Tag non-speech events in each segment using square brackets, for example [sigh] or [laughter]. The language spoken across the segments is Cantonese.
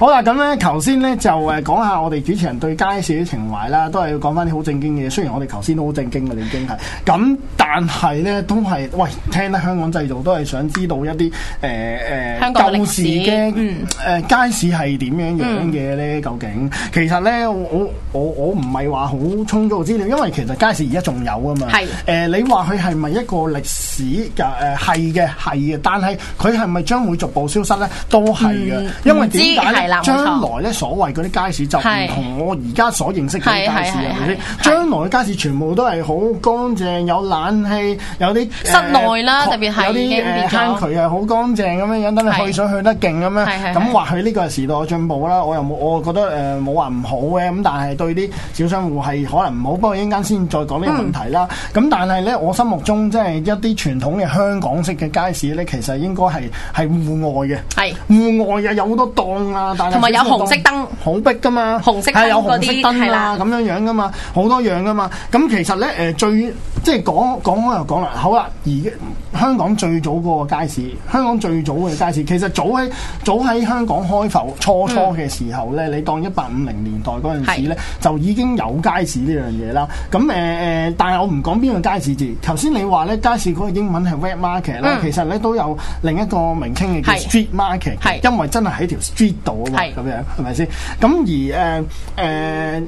好啦，咁咧，頭先咧就誒講下我哋主持人對街市嘅情懷啦，都係要講翻啲好正經嘅嘢。雖然我哋頭先都好正經嘅已經係，咁但係咧都係喂，聽得香港製造都係想知道一啲誒誒舊時嘅誒、嗯、街市係點樣樣嘅咧？嗯、究竟其實咧，我我我唔係話好充足資料，因為其實街市而家仲有啊嘛。的呃、你話佢係咪一個歷史嘅係嘅係嘅，但係佢係咪將會逐步消失咧？都係嘅，嗯、因為點解知將來咧，所謂嗰啲街市就唔同我而家所認識嘅街市啊！啲將來嘅街市全部都係好乾淨，有冷氣，有啲室內啦，特別係有啲誒坑渠啊，好乾淨咁樣樣，等你去水去得勁咁樣。咁或許呢個係時代嘅進步啦，我又冇，我覺得誒冇話唔好嘅咁，但係對啲小商戶係可能唔好。不過一陣間先再講呢個問題啦。咁但係咧，我心目中即係一啲傳統嘅香港式嘅街市咧，其實應該係係戶外嘅，係戶外啊，有好多檔啊。同埋有紅色燈好逼噶嘛，紅色燈嗰啲係啦，咁、啊啊、的樣樣噶嘛，好多樣噶嘛。咁其實咧、呃、最即係講講開又講啦，好啦，而香港最早嗰個街市，香港最早嘅街市，其實早喺早喺香港開埠初初嘅時候咧，嗯、你當一八五零年代嗰陣時咧，是就已經有街市呢樣嘢啦。咁、呃、但係我唔講邊個街市字。頭先你話咧街市嗰個英文係 Wet Market 啦、嗯，其實咧都有另一個名稱嘅叫 Street Market，是因為真係喺條 Street 度。係咁樣，係咪先？咁 [music] 而誒誒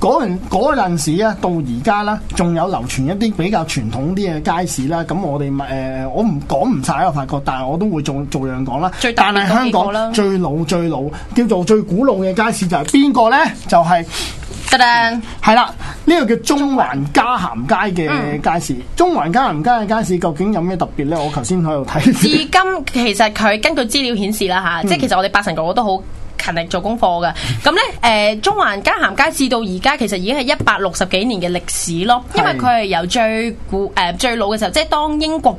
嗰陣嗰陣時啊，到而家啦，仲有流傳一啲比較傳統啲嘅街市啦。咁我哋誒，我唔講唔晒，啦，我發覺，但係我都會做做樣講啦。但係香港最老最老叫做最古老嘅街市就係邊個咧？就係、是。得啦，係啦，呢個叫中環嘉咸街嘅街市，嗯、中環嘉咸街嘅街市究竟有咩特別呢？我頭先喺度睇，至今其實佢根據資料顯示啦吓，即係、嗯、其實我哋八神哥哥都好勤力做功課嘅咁呢，誒、呃，中環嘉咸街至到而家其實已經係一百六十幾年嘅歷史咯，因為佢係由最古誒、呃、最老嘅時候，即係當英國。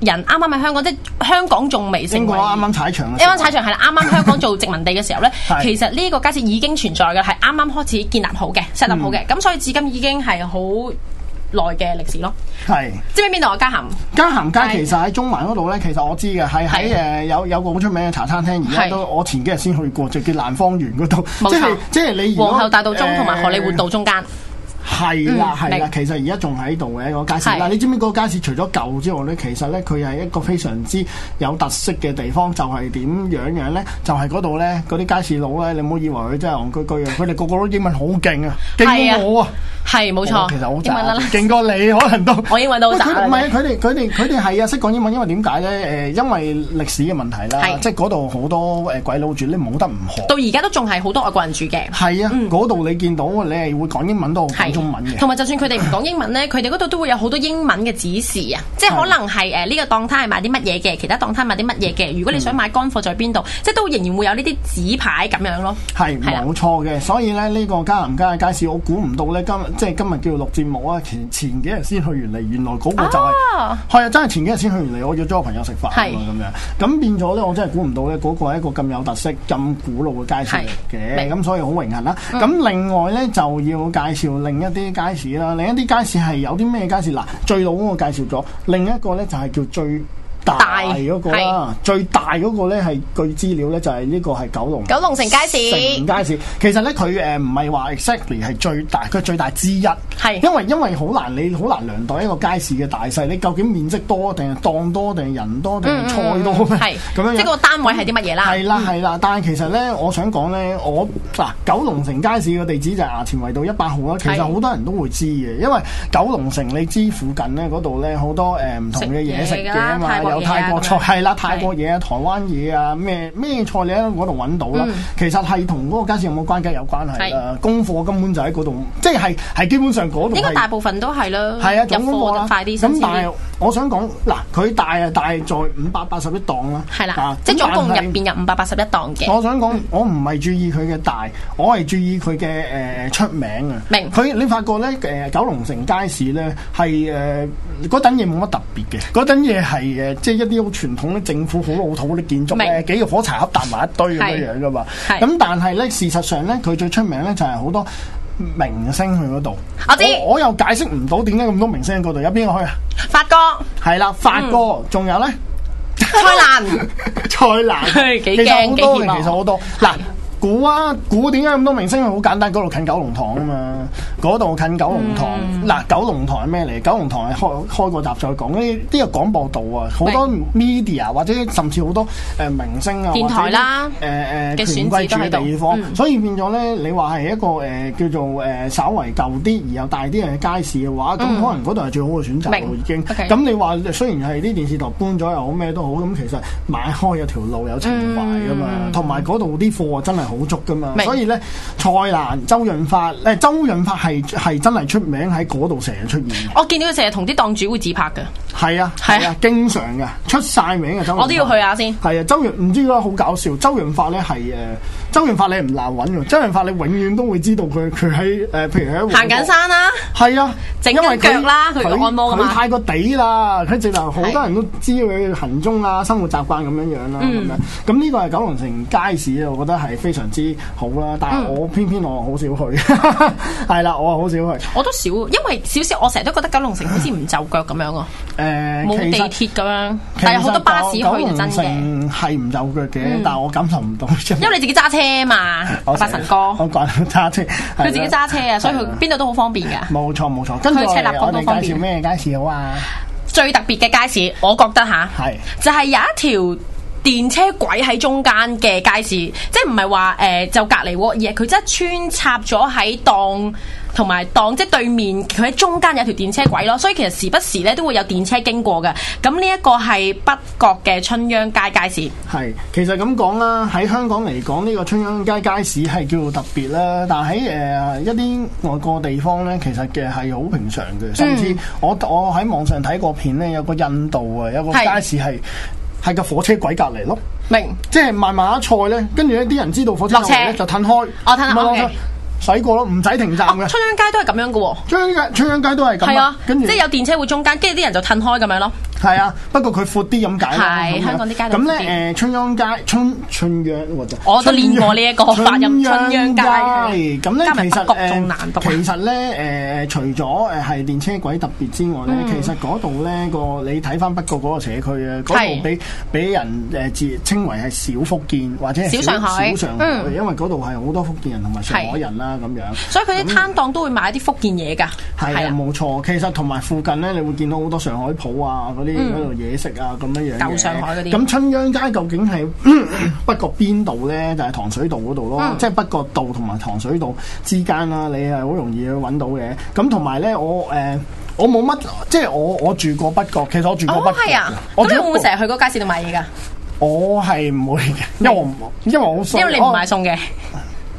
人啱啱咪香港，即香港仲未成為。英國啱啱踩場。啱啱踩場係啦，啱啱香港做殖民地嘅時候咧，其實呢個街市已經存在嘅，係啱啱開始建立好嘅，建立好嘅。咁所以至今已經係好耐嘅歷史咯。係。即喺邊度啊？嘉咸嘉咸街其實喺中環嗰度咧，其實我知嘅喺喺誒有有個好出名嘅茶餐廳，而家都我前幾日先去過，就叫蘭芳園嗰度。皇后大道中同埋荷里活道中間。係啦，係啦， [music] 其實而家仲喺度嘅個街市。嗱的，你知唔知個街市除咗舊之外咧，其實咧佢係一個非常之有特色嘅地方。就係、是、點樣樣咧？就係嗰度咧，嗰啲街市佬咧，你唔好以為佢真係戇居居啊！佢哋個個都英文好勁啊，勁過我啊！係冇錯，其實我英文啦，勁過你，可能都我英文都就唔係，佢哋佢哋佢哋係啊，識講英文，因為點解咧？誒，因為歷史嘅問題啦，即係嗰度好多誒鬼佬住，你冇得唔學。到而家都仲係好多外國人住嘅。係啊，嗰度你見到你係會講英文多過講中文嘅。同埋就算佢哋唔講英文咧，佢哋嗰度都會有好多英文嘅指示啊，即係可能係誒呢個檔攤係賣啲乜嘢嘅，其他檔攤賣啲乜嘢嘅。如果你想買乾貨在邊度，即係都仍然會有呢啲紙牌咁樣咯。係冇錯嘅，所以咧呢個加南加嘅街市，我估唔到咧今。即係今日叫做錄節目啊！前前幾日先去完嚟，原來嗰個就係係啊！真係前幾日先去完嚟，我約咗個朋友食飯咁是樣咁變咗咧，我真係估唔到咧，嗰個係一個咁有特色、咁古老嘅街市嚟嘅。咁是所以好榮幸啦！咁、嗯、另外咧就要介紹另一啲街市啦，另一啲街市係有啲咩街市嗱？最老嗰個介紹咗，另一個咧就係叫最大嗰、那個啦，是最大嗰個咧係據資料咧就係呢個係九龍，九龍城街市。九龍城街市其實咧佢誒唔係話 exactly 係最大，佢係最大之一。係是因為因為好難你好難量度一個街市嘅大細，你究竟面積多定係檔多定係人多定係菜多係咁、嗯嗯、樣即係個單位係啲乜嘢啦？係啦係啦，但係其實咧，我想講咧，我嗱九龍城街市嘅地址就係衙前圍道一百號啦。其實好多人都會知嘅，是因為九龍城你知附近咧嗰度咧好多誒唔同嘅嘢食嘅啊嘛。泰國菜係啦，泰國嘢啊，台灣嘢啊，咩咩菜你喺嗰度揾到啦。嗯、其實係同嗰個街市有冇關係？有關係啦。供貨根本就喺嗰度，即係係基本上嗰度。應該大部分都係啦。係啊，入貨得快啲。咁但係我想講嗱，佢大啊大在五百八十一檔啦。係啦，即係總共入面有五百八十一檔嘅。我想講，是我唔係注意佢嘅大，嗯、我係注意佢嘅誒出名啊。明白？佢你發覺咧誒、呃，九龍城街市咧係誒嗰等嘢冇乜特別嘅，嗰等嘢係誒。嗯即係一啲好傳統啲政府好老土啲建築，明白。幾個火柴盒搭埋一堆咁樣樣噶嘛。咁但係咧，事實上咧，佢最出名咧就係好多明星去嗰度。我知我，我又解釋唔到點解咁多明星去嗰度，有邊個去啊？發哥係啦，發哥，仲有咧？蔡瀾，蔡瀾，幾驚幾險啊！其實好多，其實好多嗱。古啊，古點解咁多明星？好簡單。嗰度近九龍塘啊嘛，嗰度近九龍塘。嗱、嗯啊，九龍塘係咩嚟？九龍塘係開開過集再講呢啲，有廣播道啊，好白多 media 或者甚至好多誒明星啊，電台啦，誒誒權貴住嘅地方，嗯、所以變咗咧，你話係一個誒、呃、叫做誒稍微舊啲而又大啲嘅街市嘅話，咁、嗯、可能嗰度係最好嘅選擇啦、啊。白已經咁 okay, 你話雖然係啲電視台搬咗又好咩都好，咁其實買開有條路有情懷噶嘛，同埋嗰度啲貨啊真係～好足噶嘛，明白 所以咧，蔡瀾、周潤發，誒，周潤發係係真係出名喺嗰度成日出現。我見到佢成日同啲檔主會自拍嘅，係啊，係啊，是啊經常嘅，出晒名嘅周。我都要去一下先。係啊，周潤唔知點解好搞笑。周潤發咧係誒。呃周潤發你唔難揾㗎，周潤發你永遠都會知道佢佢喺誒，譬如喺行緊山啦，係啊，整一腳啦，佢按摩㗎佢太過地啦，佢直頭好多人都知佢行蹤啦、生活習慣咁樣樣啦。咁樣咁呢個係九龍城街市，我覺得係非常之好啦。但係我偏偏我好少去，係啦，我好少去。我都少，因為少少我成日都覺得九龍城好似唔就腳咁樣啊。冇地鐵咁樣，但係好多巴士可以真嘅。係唔就腳嘅，但係我感受唔到。因為你自己揸車。車嘛，八 [music] 神哥，我講揸車，佢自己揸車啊，所以佢邊度都好方便噶。冇錯冇錯，跟住立方哋介紹咩街市好啊？最特別嘅街市，我覺得吓，係就係有一條電車軌喺中間嘅街市，即係唔係話誒就隔籬而係，佢真係穿插咗喺當。同埋，當即對面佢喺中間有條電車軌咯，所以其實時不時咧都會有電車經過嘅。咁呢一個係北角嘅春秧街街市。係，其實咁講啦，喺香港嚟講呢個春秧街街市係叫做特別啦。但係喺誒一啲外國地方咧，其實嘅係好平常嘅。甚至我我喺網上睇過片咧，有個印度啊，有個街市係係個火車軌隔籬咯。明白，即係賣埋啲菜咧，跟住咧啲人知道火車嚟咧，車就褪開。我褪、哦洗過咯，唔使停站嘅。春秧、啊、街都係咁樣嘅、啊、喎。春秧街，春秧街都係咁。係啊，啊跟住即係有電車會中間，跟住啲人就褪開咁樣咯。係啊，不過佢闊啲咁解香港啲街道咁咧，誒春秧街春春秧，我我都練過呢一個。春秧街咁咧，其實誒，其實咧誒誒，除咗誒係電車軌特別之外咧，其實嗰度咧個你睇翻北角嗰個社區啊，嗰度俾俾人誒，自稱為係小福建或者小上海，因為嗰度係好多福建人同埋上海人啦咁樣。所以佢啲攤檔都會賣啲福建嘢㗎。係啊，冇錯。其實同埋附近咧，你會見到好多上海鋪啊啲。度嘢，嗯、食啊，咁樣樣舊上海啲。咁春秧街究竟係，嗯、北角邊度咧？就係、是，糖水道嗰度咯，嗯、即係北角道同埋糖水道之間啦。你係好容易去揾到嘅。咁同埋咧，我，呃、我冇乜，即係我我住過北角，其實我住過北角。哦啊，我會唔會成日去嗰個街市度買嘢噶？我係唔會嘅，因為，因為我因為我因為你唔買餸嘅。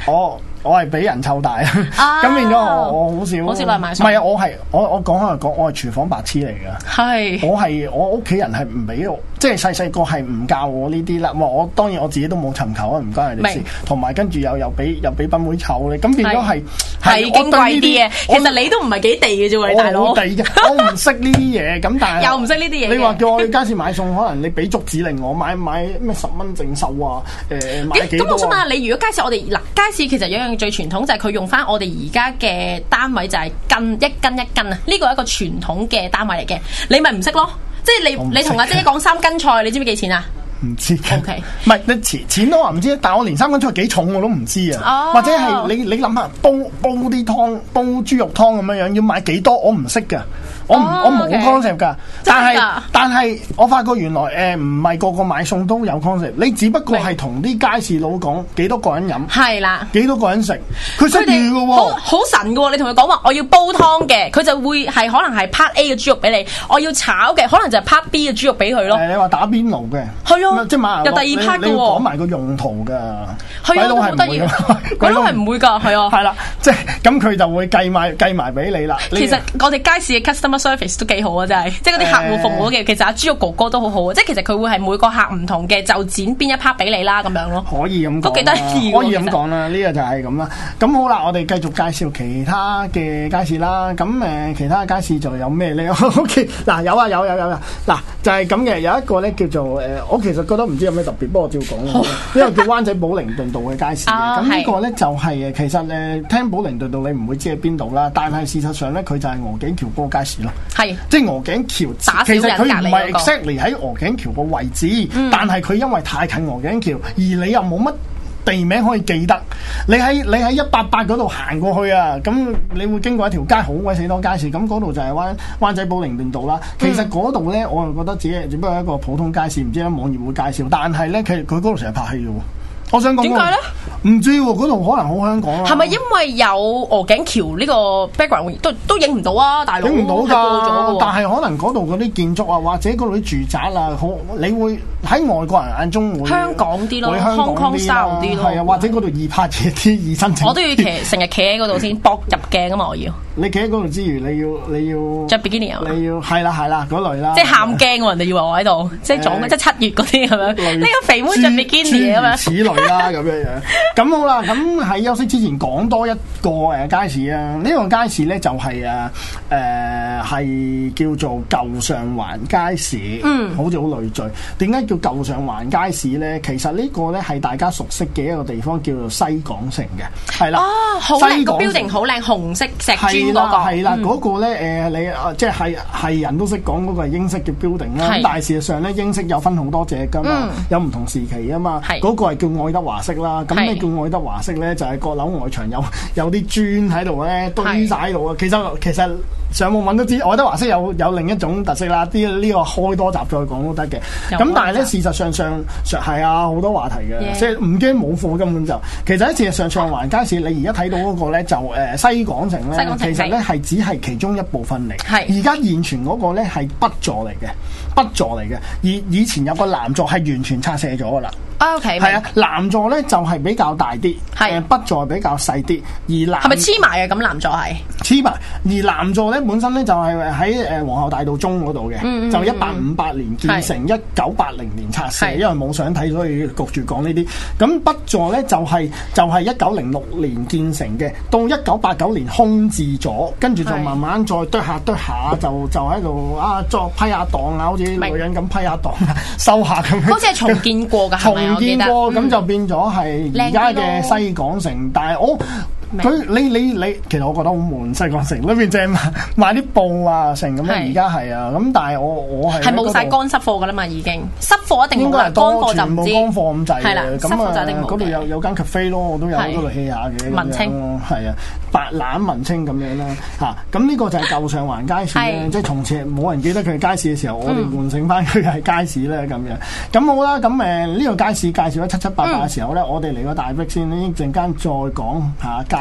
我。我係俾人湊大啊，咁變咗我好少，好少嚟買餸。唔係啊，我係我我講開又講，我係廚房白痴嚟㗎。係，我係我屋企人係唔俾我，即係細細個係唔教我呢啲啦。我當然我自己都冇尋求啊，唔關係你事。明，同埋跟住又又俾又俾賓妹湊你，咁變咗係係矜貴啲嘅。其實你都唔係幾地嘅啫喎，大佬。我唔識呢啲嘢。咁但係又唔識呢啲嘢。你話叫我去街市買餸，可能你俾足指令我買買咩十蚊整售啊？誒，買幾多？咁我想問下你，如果街市我哋嗱街市其實樣樣。最傳統就係佢用翻我哋而家嘅單位，就係斤，一斤一斤啊！呢個係一個傳統嘅單位嚟嘅，你咪唔識咯？即係你我你同阿姐講三斤菜，你知唔知幾錢啊？唔知，O K，唔係你錢錢都話唔知道，但係我連三斤菜幾重我都唔知啊！Oh. 或者係你你諗下煲煲啲湯煲豬肉湯咁樣樣，要買幾多少？我唔識㗎。我我冇 concept 噶，但係但係我發覺原來誒唔係個個買餸都有 concept，你只不過係同啲街市佬講幾多個人飲，係啦，幾多個人食，佢食住噶喎，好神噶，你同佢講話我要煲湯嘅，佢就會係可能係 part A 嘅豬肉俾你，我要炒嘅可能就係 part B 嘅豬肉俾佢咯。誒，你話打邊爐嘅，係啊，即係嘛有第二 part 噶喎，你講埋個用途噶，鬼佬係唔會，鬼佬係唔會噶，係啊，係啦，即係咁佢就會計埋計埋俾你啦。其實我哋街市嘅 customer。service 都幾好啊，真係，即係嗰啲客戶服務嘅，欸、其實阿豬肉哥哥都好好啊，即係其實佢會係每個客唔同嘅，就剪邊一 part 俾你啦，咁樣咯。可以咁講，都可以咁講啦，呢個就係咁啦。咁好啦，我哋繼續介紹其他嘅街市啦。咁誒，其他街市就有咩咧？OK，嗱，有啊，有啊有、啊、有、啊、啦。嗱，就係咁嘅，有一個咧叫做誒，我其實覺得唔知有咩特別，不過照講呢個叫灣仔寶靈頓道嘅街市。啊，呢個咧就係、是、誒，其實誒聽寶靈頓道你唔會知喺邊度啦，但係事實上咧佢就係鵝頸橋嗰個街市。係，是即係鵝頸橋。那個，其實佢唔係 exactly 喺鵝頸橋個位置，嗯、但係佢因為太近鵝頸橋，而你又冇乜地名可以記得。你喺你喺一八八嗰度行過去啊，咁你會經過一條街，好鬼死多街市。咁嗰度就係灣灣仔寶靈頓道啦。其實嗰度咧，我又覺得只係只不過一個普通街市，唔知喺網頁會介紹。但係咧，佢佢嗰度成日拍戲嘅。我想講點解咧？唔知喎，嗰度可能好香港啊！係咪因為有鵝頸橋呢個 background 都都影唔到啊，大佬？影唔到㗎，哦、是但係可能嗰度嗰啲建築啊，或者嗰度啲住宅啊，好你會喺外國人眼中會香港啲咯，會香港啲咯，係啊 Hong Kong,，或者嗰度易拍嘢啲，易申請。我都要騎，成日企喺嗰度先博 [laughs] 入鏡啊嘛，我要。你企喺嗰度之餘，你要你要，你要係啦係啦嗰類啦，即係喊驚人哋以為我喺度，即係撞即係七月嗰啲咁樣，呢個肥妹著比基尼咁嘛，此類啦咁樣樣。咁好啦，咁喺休息之前講多一個誒街市啊。呢個街市咧就係啊誒係叫做舊上環街市，嗯，好似好累贅。點解叫舊上環街市咧？其實呢個咧係大家熟悉嘅一個地方，叫做西港城嘅，係啦，哦，西港城個 building 好靚，紅色石柱。係啦，嗰、嗯嗯那個咧誒、呃，你即係係人都識講嗰個係英式嘅 building 啦，是咁但係事實上咧，英式有分好多隻噶嘛，嗯、有唔同時期啊嘛。嗰是個係叫愛德華式啦，咁、那、咧、個、叫愛德華式咧就係、是、閣樓外牆有有啲磚喺度咧堆晒喺度啊。其實其實。上網揾都知，愛德華式有有另一種特色啦。啲、這、呢個開多集再講都得嘅。咁有但係咧，嗯、事實上上係啊，好多話題嘅，Yeah. 即係唔驚冇貨根本就。其實喺事實上，上環街市你而家睇到嗰個咧就誒、呃、西港城咧，其實咧係只係其中一部分嚟。係是。而家現存嗰個咧係北座嚟嘅，北座嚟嘅。而以，以前有個南座係完全拆卸咗嘅啦。O K。係啊，南白座咧就係、是、比較大啲，係是北座比較細啲。而南係咪黐埋嘅？咁南座係黐埋。而南座咧。本身咧就係喺誒皇后大道中嗰度嘅，嗯嗯嗯就一八五八年建成，一九八零年拆卸，是因為冇相睇，所以焗住講呢啲。咁北座咧就係、是、就係一九零六年建成嘅，到一九八九年空置咗，跟住就慢慢再堆下堆下，就就喺度啊裝批下檔啊，好似白女人咁批下檔啊， [laughs] 收下咁。好似係重建過噶， [laughs] 重建過咁就變咗係而家嘅西港城，啊、但係我。Oh, 佢你你你，其實我覺得好悶，西港城裏面即係賣啲布啊，成咁樣。而家係啊，咁但係我我係係冇晒乾濕貨噶啦嘛，已經濕貨一定冇乾貨就唔知。全部乾貨咁滯。係啦，咁啊嗰度有有間 cafe 咯，我都有喺嗰度 hea 下嘅。文青係啊，白冷文青咁樣啦嚇。咁呢個就係舊上環街市咧，即係從前冇人記得佢係街市嘅時候，我哋喚醒翻佢係街市咧咁樣。咁好啦，咁誒呢條街市介紹得七七八八嘅時候咧，我哋嚟個大逼先，呢陣間再講嚇